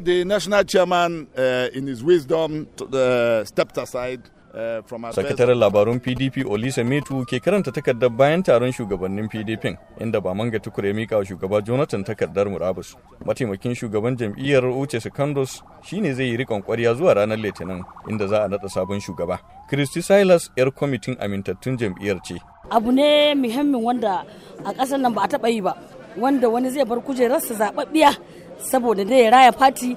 The national chairman, uh, in his wisdom, uh, stepped aside. Eh, Sakataren labarun PDP olise Metu ke karanta takardar bayan taron shugabannin PDP inda ba manga tukure mika wa shugaba Jonathan takardar murabus. Mataimakin shugaban jam'iyyar Uche Secondos shine zai yi rikon kwarya zuwa ranar Litinin inda za a nada sabon shugaba. Christy Silas yar kwamitin amintattun jam'iyyar ce. Abu ne muhimmin wanda a ƙasar nan ba a taɓa yi ba wanda wani zai bar kujerarsa zaɓaɓɓiya saboda dai raya fati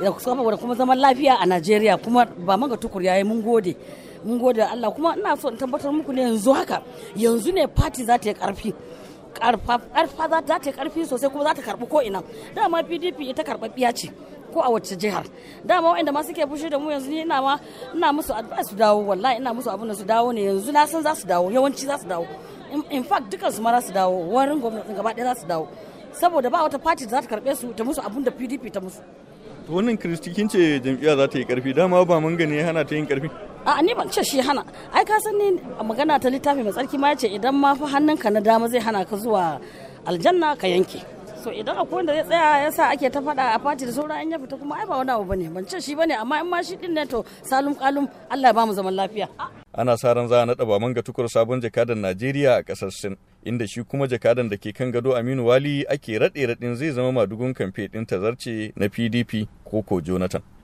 da kuma zaman lafiya a Najeriya kuma ba manga tukur yayi mun gode mun gode Allah kuma ina so in tabbatar muku ne yanzu haka yanzu ne fati za ta yi karfi karfa za ta yi karfi sosai kuma za ta karbi ko ina dama PDP ita karbabbiya ce ko a wacce jihar dama waɗanda ma suke fushi da mu yanzu ni ina ma ina musu advice su dawo wallahi ina musu abin da su dawo ne yanzu na san za su dawo yawanci za su dawo in fact dukan su ma za su dawo warin gwamnatin gaba ɗaya za su dawo saboda ba wata fati da za ta karbe su ta musu abun da PDP ta musu to wannan kristi kin ce jam'iyya za ta yi karfi dama ba mun gani ya hana ta yin karfi a ni ban ce shi hana ai ka san ni magana ta littafi mai tsarki ma ya ce idan ma fa hannunka na dama zai hana ka zuwa aljanna ka yanke so idan akwai wanda zai tsaya ya sa ake ta faɗa a fati da sauran an ya fita kuma ai ba wani abu bane ban ce shi bane amma in ma shi din ne to salum kalum Allah ya ba mu zaman lafiya ana sa ran za a naɗa baman ga tukur sabon jakadan Najeriya a ƙasar Sin inda shi kuma jakadan da ke kan gado Aminu Wali ake raɗe raɗin zai zama madugun kamfe ɗin tazarce na PDP ko ko Jonathan.